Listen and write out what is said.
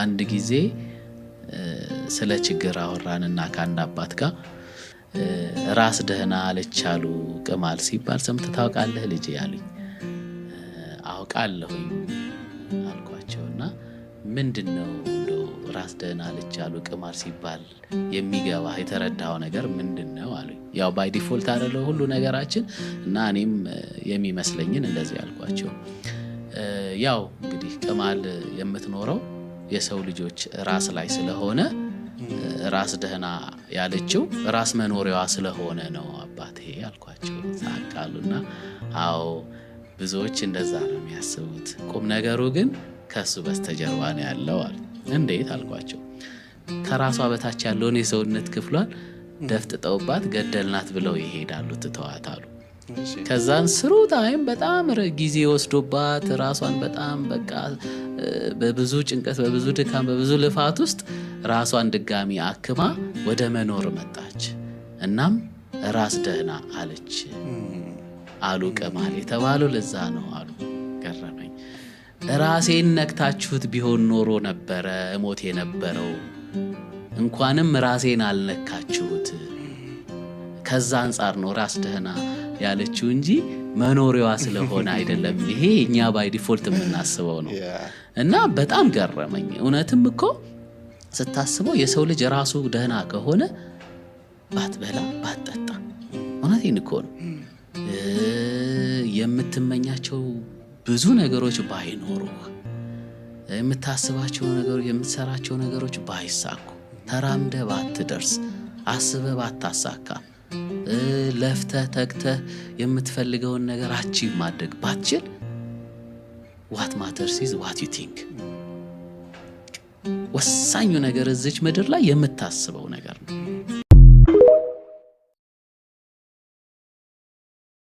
አንድ ጊዜ ስለ ችግር አወራንና ከአንድ አባት ጋር ራስ ደህና አለች አሉ ቅማል ሲባል ሰምተህ ታውቃለህ ልጅ ያሉኝ አውቃለሁኝ አልኳቸውና ምንድን ነው ራስ ደህና አለች አሉ ቅማል ሲባል የሚገባ የተረዳው ነገር ምንድን ነው አሉ ያው ባይ ዲፎልት አይደለው ሁሉ ነገራችን እና እኔም የሚመስለኝን እንደዚህ አልኳቸው። ያው እንግዲህ ቅማል የምትኖረው የሰው ልጆች ራስ ላይ ስለሆነ ራስ ደህና ያለችው ራስ መኖሪያዋ ስለሆነ ነው አባቴ ያልኳቸው ሳቃሉና፣ አዎ ብዙዎች እንደዛ ነው የሚያስቡት፣ ቁም ነገሩ ግን ከእሱ በስተጀርባ ነው ያለው እንዴት አልኳቸው። ከራሷ በታች ያለውን የሰውነት ክፍሏን ደፍጥጠውባት ገደልናት ብለው ይሄዳሉ፣ ትተዋት አሉ። ከዛን ስሩ ታይም በጣም ጊዜ ወስዶባት ራሷን በጣም በቃ በብዙ ጭንቀት፣ በብዙ ድካም፣ በብዙ ልፋት ውስጥ ራሷን ድጋሚ አክማ ወደ መኖር መጣች። እናም ራስ ደህና አለች አሉ ቀማል የተባሉ ለዛ ነው አሉ ገረመኝ። ራሴን ነክታችሁት ቢሆን ኖሮ ነበረ ሞት የነበረው እንኳንም ራሴን አልነካችሁት። ከዛ አንጻር ነው ራስ ደህና ያለችው እንጂ መኖሪዋ ስለሆነ አይደለም። ይሄ እኛ ባይ ዲፎልት የምናስበው ነው እና በጣም ገረመኝ። እውነትም እኮ ስታስበው የሰው ልጅ ራሱ ደህና ከሆነ ባትበላ ባትጠጣ፣ እውነቴን እኮ ነው የምትመኛቸው ብዙ ነገሮች ባይኖሩ፣ የምታስባቸው ነገሮች፣ የምትሰራቸው ነገሮች ባይሳኩ፣ ተራምደ ባትደርስ፣ አስበ ባታሳካ ለፍተህ ተግተህ የምትፈልገውን ነገር አቺ ማድረግ ባትችል ዋት ማተርስ ኢዝ ዋት ዩ ቲንክ። ወሳኙ ነገር እዚች ምድር ላይ የምታስበው ነገር ነው።